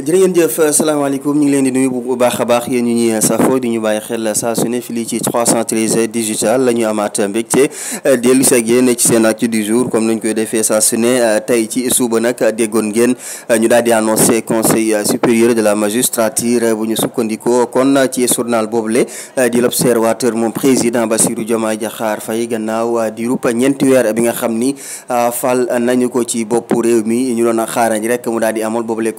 jërë ngeen jëf salaamaaleykum ñu ngi leen di nuyu bu baax a baax yéen ñu ñuy safo di ñu bàyyi xel saa su ne ci digital la ñu amaat mbégte euh, dellu si ak yéen ci seen actu du jour comme nañ koy defee saa su ne euh, tey ci suuba nag déggoon ngeen euh, ñu daal di annoncé conseil supérieur de la magistrature bu ñu sukkandikoo kon ci journal boobule di l'observateur moom président ba Bassirou Diomaye Diakhar Faye gannaaw di rupa ñeenti weer bi nga xam ni fal nañu ko ci bopp réew mi ñu doon xaarañ rek mu daal di amal boobule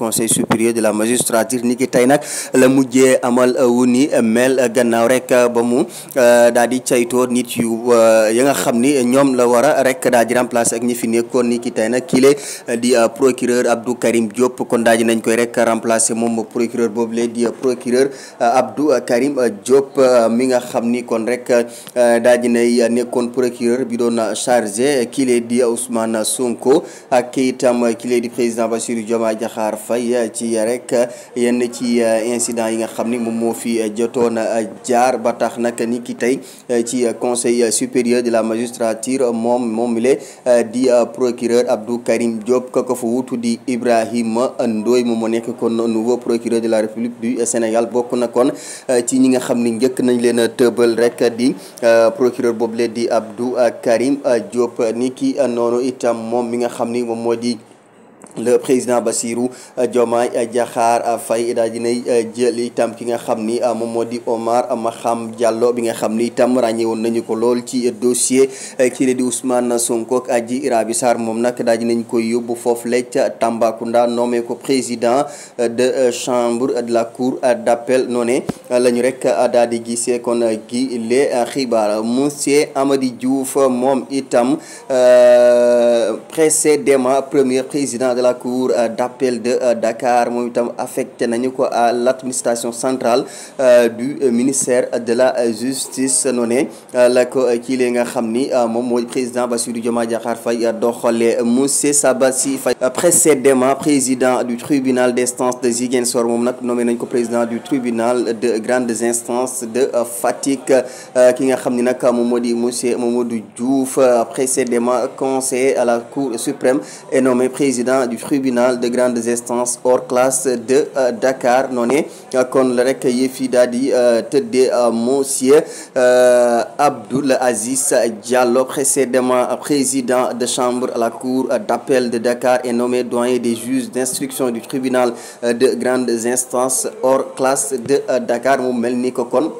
supérieur de la magistrature ni ki tey nag la euh, gannaaw rek euh, ba mu euh, daal di nit yu ya nga xam ni ñoom la war a rek daal di remplacer ak fi nekkoon ni ki tey kile di procureur Abdou Karim Diop kon daal di nañ koy rek remplacer moom procureur boobu lee di procureur Abdou Karim Diop mi nga xam ni kon rek daal di nay nekkoon procureur bi doon chargé kile di Ousmane Sonko ak itam kile di président Bassirou Diomaye Diakhar Faye ci rek yenn ci euh, incident yi nga xam ni moom moo fi euh, jotoon euh, jaar ba tax nag ni ki tey ci conseil supérieur de la magistrature moom moom le di procureur Abdou Karim Diop ka ko fa wutu di Ibrahima Ndoye moom moo nekk kon nouveau procureur de la République du Sénégal bokk na kon ci ñi nga xam ni njëkk nañ leen a tëbal rek di procureur boobu le di Abdou Karim Diop ni ki noonu itam moom mi nga xam ni moom moo di le président Bassirou Diomaye Diakhar Faye daal dinay eh, jël itam ki nga xam ni eh, moom moo di Omar xam Diallo bi nga xam ni itam ràññewoon nañu ko lool ci dossier eh, kii la di Ousmane Sonko ak Adji Raby Sarr moom nag daal nañ koy yóbbu foofu la ca Tambacounda nommé ko président de chambre de la cour d'appel noonu lañu ñu rek daal di gisee kon gi les xibaar monsieur Amady Diouf moom itam précédemment premier président de la cour euh, d'appel de euh, Dakar moom itam affecté nañu ko à l'administration centrale euh, du ministère de la justice noonu la ko kii lee nga xam ni moom mooy président ba Bassirou Diomaye Diakhar Faye doxalee monsieur Sabassi Faye précédemment président du tribunal d'instance de Ziguinchor moom nag nommé nañ ko président du tribunal de grandes instances de Fatick ki nga xam ni nag moom moo di monsieur Mamadou Diouf précédemment conseiller à la cour Cour suprême est nommé président du tribunal de grandes instances hors classe de euh, Dakar noonee kon la rek yëfi daal di euh, tëddee euh, monsieur Abdoul Aziz Diallo précédemment président de chambre à la Cour d'appel de Dakar est nommé doyen des juges d'instruction du tribunal de grandes instances hors classe de Dakar mu mel ni ko kon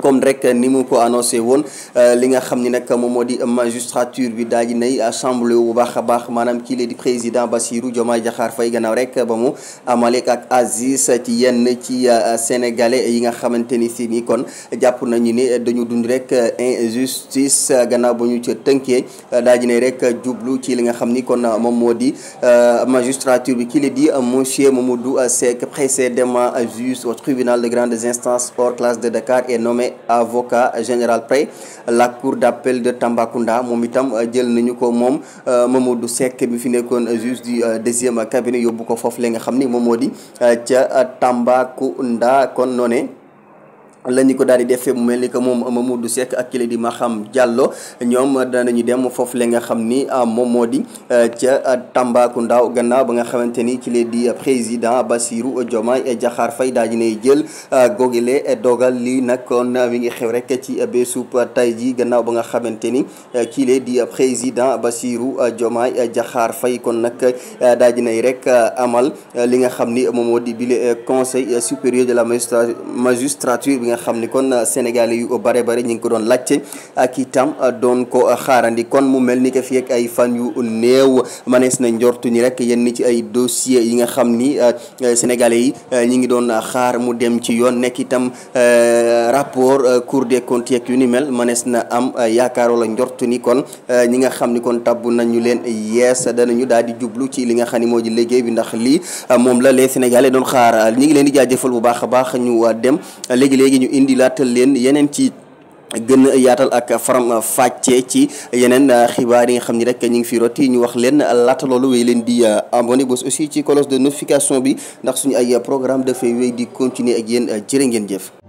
comme rek ni mu ko annoncé woon euh, li nga xam ni nag moom moo di magistrature bi daal di nay assemblée bu baax a baax maanaam kii la di président ba Bassirou Diomaye Diakhar fay gannaaw rek ba mu amalek ak Aziz ci yenn ci euh, sénégalais yi nga xamante ni si ni kon jàpp nañu ne dañu dund rek injustice gannaaw ba ñu ca tënkee euh, daal di nay rek jublu ci li nga xam ni kon moom moo di magistrature bi kii la di monsieur Mamadou Seck précédemment juge au tribunal de grandes instances hors classe de Dakar et mais avocat général près la cour d'appel de Tambacounda moom itam euh, jël nañu ko moom euh, Mamadou Seck bi fi nekkoon euh, juge du deuxième cabinet yóbbu ko foofu la nga xam ni moom moo di ca Tambacounda kon nooné la ñu ko daal di defee mu mel ni que moom Mamadou Seck ak kile di Maham Diallo ñoom ñu dem foofu la nga xam ni ah, moom moo di ah, ca Tambacounda gannaaw ba nga xamante ni kile di président Bassirou Diomaye Diakhar Faye di nay jël ah, googile dogal li nag kon mi ngi xew rek ci bésub tay ji gannaaw ba nga xamante ni kile di président Bassirou Diomaye Diakhar Faye kon nag daal di nay rek amal li nga xam ni moom moo di bile conseil supérieur de la magistrature nga xam ni kon euh, sénégalais yu bare bare ñi ngi ko doon laajte ak itam euh, doon ko xaarandi kon mu mel ni que fii ak ay fan yu néew manees na njortu ni rek yenn ci ay dossier yi nga xam ni euh, sénégalais yi ñi ngi doon xaar mu dem ci yoon nekk itam rapport cour des comptes yu ni mel manees na am yaakaar wala kon ñi nga xam ni kon tabbu nañu leen yees danañu daal di jublu ci li nga xam ni mooy ji liggéey bi ndax lii moom la les sénégalais doon xaar ñi ngi leen di jaajëfal bu baax a baax ñu dem léegi léegi ñu indi laatal leen yeneen ci gën yaatal ak faram fàccee ci yeneen xibaar yi nga xam ni rek ñu ngi fi roti ñu wax leen laata loolu wéy leen di abonné bos aussi ci cloche de notification bi ndax suñu ay programme dafay wéy di continuer ak yéen jërë ngeen jëf